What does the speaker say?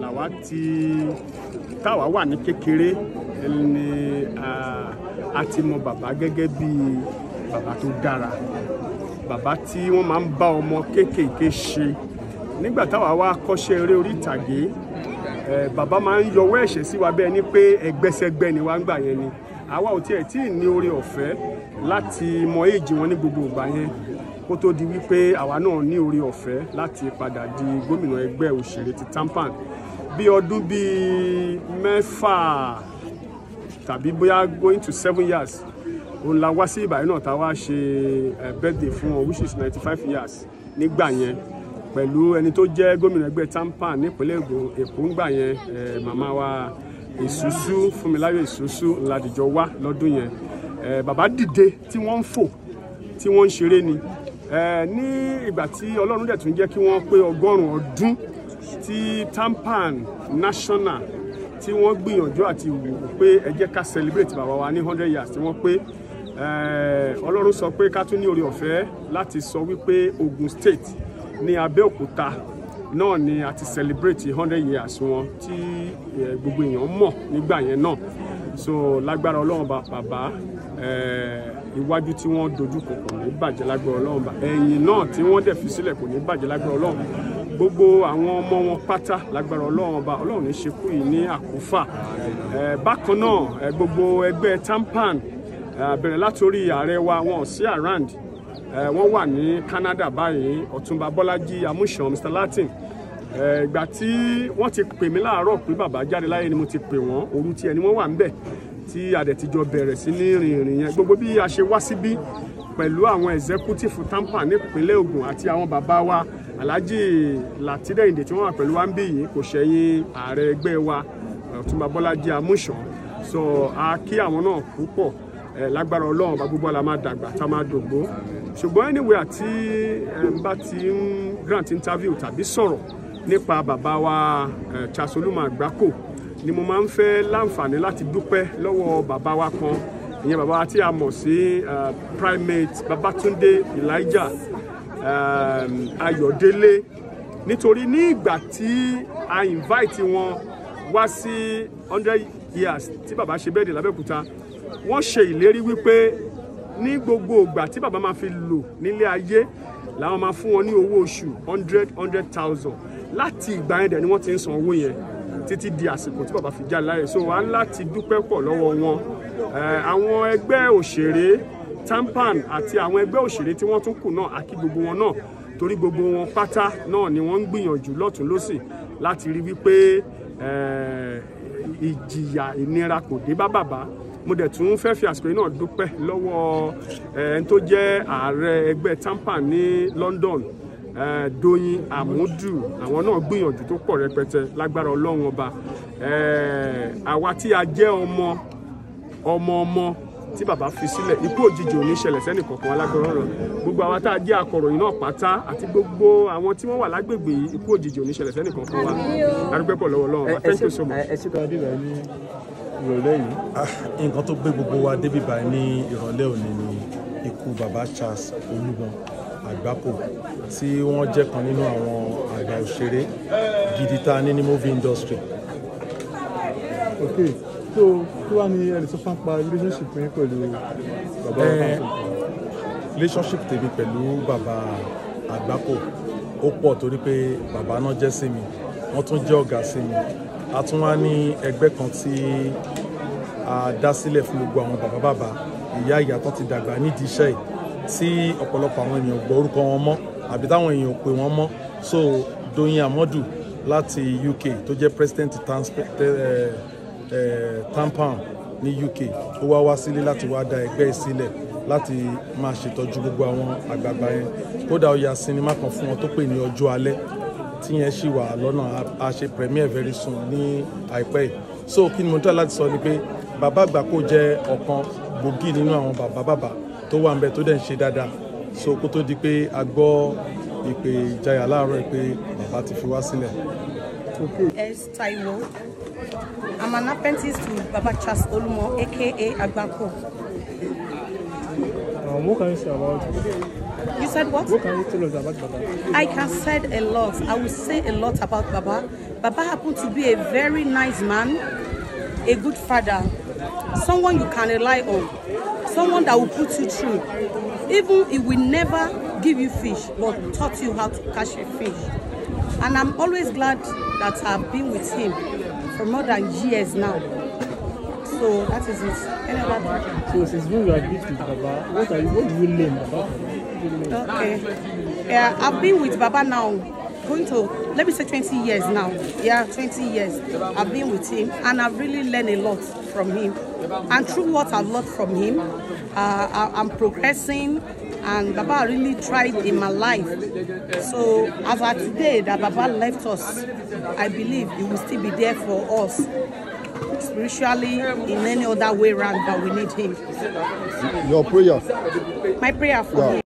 làwa ti táwa wà ní kékeré ni a ti mọ bàbá gẹ́gẹ́ bí bàbá tó dára bàbá tí wọ́n máa ń bá ọmọ kéékèèké ṣe nígbà táwa wá kọ́ṣẹ́ eré orí ìtàgé bàbá máa ń yọwọ́ ẹ̀ṣẹ̀ sí wa bẹ́ẹ̀ ni pé ẹgbẹ́sẹgbẹ́ ni wá ń gbà yẹn ni àwa ò tiẹ̀ tí ì ní oore ọ̀fẹ́ láti mọ èjì wọn ní gbogbo ìgbà yẹn kó tó di wípé àwa náà ní orí ọ̀fẹ́ láti padà di gómìnà ẹgbẹ́ òṣèré ti tampan bí ọdún bíi mẹ́fà tàbí bóyá going to seven years òun la wá sí ìbàdàn náà tá a wá ṣe birthday fún wọn which is ninety five years nígbà yẹn pẹ̀lú ẹni tó jẹ́ gómìnà ẹgbẹ́ tampan nípínlẹ̀ èkó ńgbà yẹn màmá wa èsúsú fúnmiláyọ̀ èsúsú ńlá dìjọ wá lọ́dún yẹn bàbá dìde tí wọ́n ń fò tí wọ́n ń ṣeré ni ní ìgbà tí ọlọ́run dẹ̀ tún jẹ́ kí wọ́n pé ọgọ́rùn ọdún tí tampan national tí wọ́n gbìyànjú àti wò pé ẹ jẹ́ ká celebrate bàbá wa ní hundred years tí wọ́n pé ọlọ́run sọ pé ká tún ní oore ọ̀fẹ́ láti sọ wípé Ogun State ní Abẹ́òkúta náà ni a ti celebrate hundred years wọn tí gbogbo èèyàn mọ̀ nígbà yẹn náà so lágbára ọlọ́run bàbá iwájú tí wọ́n dojú kọ kò ní bàjẹ́ lágbára ọlọ́run bá ẹ̀yìn náà tí wọ́n dẹ̀ fi sílẹ̀ kò ní bàjẹ́ lágbára ọlọ́run gbogbo àwọn ọmọ wọn pátá lágbára ọlọ́run ọba ọlọ́run ní ṣekú yìí ní àkófà bákan náà gbogbo ẹgbẹ́ tampan bẹ̀rẹ̀ látòrí ààrẹ wa wọn sí around wọ́n wà ní Canada báyìí ọ̀túnba bọ́lájí amúṣan mr latin ìgbà tí wọ́n ti pè mí láàárọ̀ pé bàbá jáde láyé ni mo ti pè wọ́n òru tiẹ̀ ni wọ́n wà ń bẹ̀ tí àdẹ̀tijọ́ bẹ̀rẹ̀ sí ní rìn yẹn gbogbo bí a ṣe wá síbí pẹ̀lú àwọn ẹ̀zẹ́kútìfù tampa nípínlẹ̀ Ògùn àti àwọn bàbá wa Alhaji Látìdẹ́yìndé tí wọ́n wà pẹ̀lú wa ń bí yìí kò ṣẹ̀yìn ààrẹ ẹgbẹ́ wa Ọ̀túnba Bọ́lájí Amúṣàn sọ a kí àwọn náà púpọ̀ lágbára Ọlọ́run bá gbogbo àlà máa dàgbà tá a máa dògbó ṣùgbọ́n anyway àti bá ti ń grant interview tàbí sọ̀rọ̀ nípa bàbá wa Charles Olúmọ Àgbákò ni mo máa ń fẹ́ láǹfààní láti dúpẹ́ lọ́wọ́ bàbá wa kan ìyẹn bàbá wa tí a mọ̀ sí eh, primate Babatunde Elijah um, Ayọ̀délé nítorí ní ìgbà tí a invite wọn wá sí hundred years tí bàbá ṣe bẹ́ẹ̀ dé l'Abẹ́òkúta wọ́n ṣe ìlérí wípé ní gbogbo ìgbà tí bàbá máa fi lò nílé ayé làwọn máa fún wọn ní owó oṣù hundred hundred thousand láti ìgbà yẹn dẹ̀ ni wọ́n ti ń san owó yẹn títí di àsìkò tí bàbá fi já láyè so wàá láti dúpẹ́ pọ̀ lọ́wọ́ wọn àwọn ẹgbẹ́ òṣèré tampan àti àwọn ẹgbẹ́ òṣèré tí wọ́n tún kù náà àkí gbogbo wọn náà torí gbogbo wọn pátá náà ni wọ́n ń gbìyànjú lọ́tún lọ́sì láti rí wípé ìjìyà ìnira kò dé bá bàbá mo dẹ̀ tún fẹ́ fi àsìkò yìí náà dúpẹ́ lọ́wọ́ ẹni tó jẹ́ ààrẹ ẹgbẹ́ tampan ní London Doyin Amudu àwọn náà gbìyànjú tó pọ̀ rẹpẹtẹ lágbára ọlọ́run ọba àwa tí a jẹ́ ọmọ ọmọ ọmọ tí bàbá fi sílẹ̀ ikú òjijì ò ní ṣẹlẹ̀ sẹ́nì kọ̀ọ̀kan alágbọ̀rọ̀ gbogbo àwa tá a jẹ́ akọ̀ròyìn náà pátá àti gbogbo àwọn tí wọ́n wà lágbègbè yìí ikú òjijì ò ní ṣẹlẹ̀ sẹ́nì kọ̀ọ̀kan wa arúgbó pọ̀ lọ́wọ́ lọ́wọ́ thank you so much. ìrọ̀lẹ́ yìí. Ah, nǹkan tó gbé gbogbo wa débìbà ní ìrọ̀lẹ́ òní ni ikú bàbá Charles Olúgbọ́n àgbákò tí wọ́n jẹ́ kan nínú àwọn àgbà òṣèré gidi tá ní ní movie industry. okay so kí wàá ní ẹni tó fà ń pa relationship yín pẹ̀lú bàbá eh, àgbákò. relationship tèmi pẹ̀lú bàbá àgbákò ó pọ̀ torí pé bàbá náà jẹ́ sí mi wọ́n tún jẹ́ ọ̀gá sí mi a tún wá ní ẹgbẹ́ kan tí a dá sílẹ̀ fún gbogbo àwọn bàbá bàbá ìyá ìyá tó ti dàgbà nídìí iṣẹ́ yìí tí ọ̀pọ̀lọpọ̀ àwọn èèyàn gbọ́ orúkọ wọn mọ́ àbí táwọn èèyàn pè wọ́n mọ́ so Doyin Amodu láti UK tó jẹ́ president eh, eh, TAMPAN ní UK ó wá wá sílé láti wá dá ẹgbẹ́ sílẹ̀ láti máa ṣètọ́jú gbogbo àwọn àgbààgbà yẹn kódà ó ya sinimá kan fún wọn tó pè ní ọjọ́ alẹ́ tí yẹn sì wà lọ́nà a ṣe premier very soon ní àìpẹ́ yìí so kí ni mo dá láti sọ ni pé bàbá àgbà kò jẹ́ ọ̀kan gbòógì nínú àwọn bàbá bàbá tó wà ń tó dẹ̀ ń ṣe dáadáa so kó tó di pé a gbọ́ ìpè ìjayà láàárọ̀ pé bàbá ti fi wá sílẹ̀. S Taiwo I'm an apprentice to Baba Charles Olumo aka Agbako. Um, what can you say about it? You said what? What can you tell us about Baba? I can say a lot. I will say a lot about Baba. Baba happened to be a very nice man, a good father, someone you can rely on someone that will put you through even he will never give you fish but taught you how to catch a fish and i'm always glad that i've been with him for more than years now so that is it any other thing. so since when you are big with baba what are you what do you learn about. okay yeah, i've been with baba now going to, let me say 20 years now. Yeah, 20 years. I've been with him and I've really learned a lot from him. And through what I've learned from him, uh, I'm progressing and Baba really tried in my life. So as at today that Baba left us, I believe he will still be there for us spiritually in any other way around that we need him. Your prayer? My prayer for yeah. him.